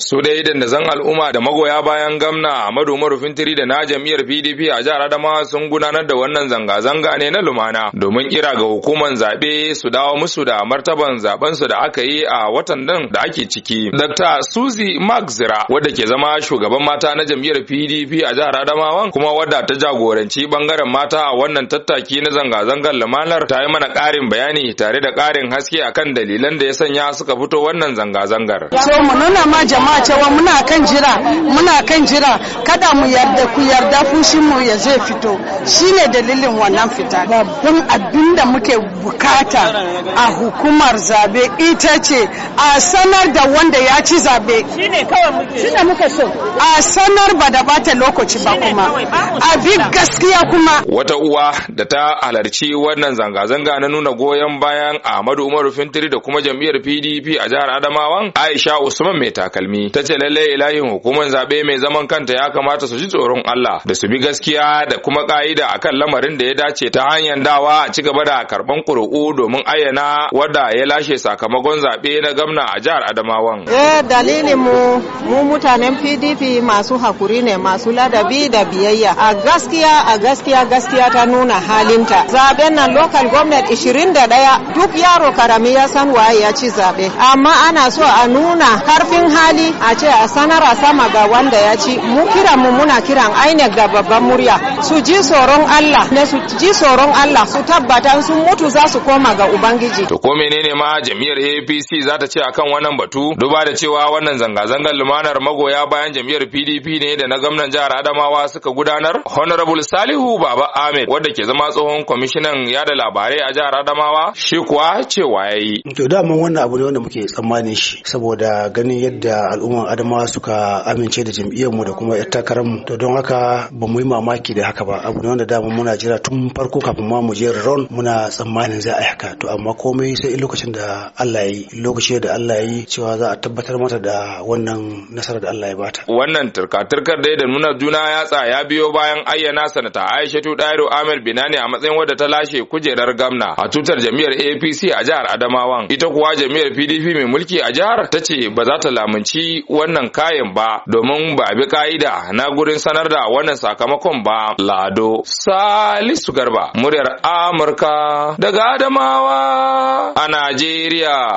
Su dai dandazon al'umma da magoya bayan gamna Ahmadu Umaru Fintiri da na jam'iyyar PDP a jihar Adamawa sun gudanar da wannan zanga-zanga ne na lumana domin kira ga hukumar zaɓe su dawo musu da martaban zaben su da aka yi a watan nan da ake ciki. Dr. Suzy Magzira wadda ke zama shugaban mata na jam'iyyar PDP a jihar Adamawa kuma wadda ta jagoranci bangaren mata a wannan tattaki na zanga-zangar lumanar ta yi mana ƙarin bayani tare da ƙarin haske akan dalilan da ya sanya suka fito wannan zanga-zangar. So jama'a cewa muna kan jira muna kan jira kada mu yarda ku yarda fushin mu ya zai fito shine dalilin wannan fita babban abin muke bukata a hukumar zabe ita ce a sanar da wanda ya ci zabe shine kawai muke muka so a sanar ba da bata lokaci ba kuma a bi gaskiya kuma wata uwa da ta halarci wannan zanga-zanga na nuna goyon bayan Ahmadu Umaru Fintiri da kuma jam'iyyar PDP a jihar Adamawan Aisha Usman mai takalmi Sani ta ce lalle ilahin hukumar zabe mai zaman kanta ya kamata su ji tsoron Allah da su bi gaskiya da kuma ka'ida akan lamarin da ya dace ta hanyar dawa a ci gaba da karban kuri'u domin ayyana wadda ya lashe sakamakon zabe na gwamna a jihar Adamawan. Eh dalilin mu mu mutanen PDP masu hakuri ne masu ladabi da biyayya a gaskiya a gaskiya gaskiya ta nuna halinta zaben nan local government 21 duk yaro karami ya san waye ya ci zabe amma ana so a nuna karfin hali a ce a sanar a sama ga wanda ya ci mu kira mu muna kiran INEC da babban murya su ji tsoron Allah ne su ji tsoron Allah su tabbata sun mutu za su koma ga ubangiji to ko menene ma jami'ar APC za ta ce akan wannan batu duba da cewa wannan zanga-zangar lumanar magoya bayan jami'ar PDP ne da na gwamnatin jihar Adamawa suka gudanar honorable Salihu Baba Ahmed wanda ke zama tsohon kwamishinan yada labarai a jihar Adamawa shi kuwa cewa yayi to mun wannan abu ne wanda muke tsammanin shi saboda ganin yadda al'umman adamawa suka amince da jam'iyyar mu da kuma yar takarar mu to don haka ba mu yi mamaki da haka ba abu ne wanda dama muna jira tun farko kafin ma mu je ron muna tsammanin za a yi haka to amma komai sai lokacin da Allah ya yi lokaci da Allah ya yi cewa za a tabbatar mata da wannan nasara da Allah ya bata wannan turka-turkar da nuna juna yatsa ya biyo bayan ayyana sanata aisha tu Dairo Amir, Binani a matsayin wadda ta lashe kujerar gamna a tutar jam'iyyar APC a jihar adamawa ita kuwa jam'iyyar PDP mai mulki a jihar ta ce ba za ta lamunci wannan kayan ba domin ba bi ka'ida na gurin sanar da wannan sakamakon ba lado salisu garba muryar amurka daga adamawa a najeriya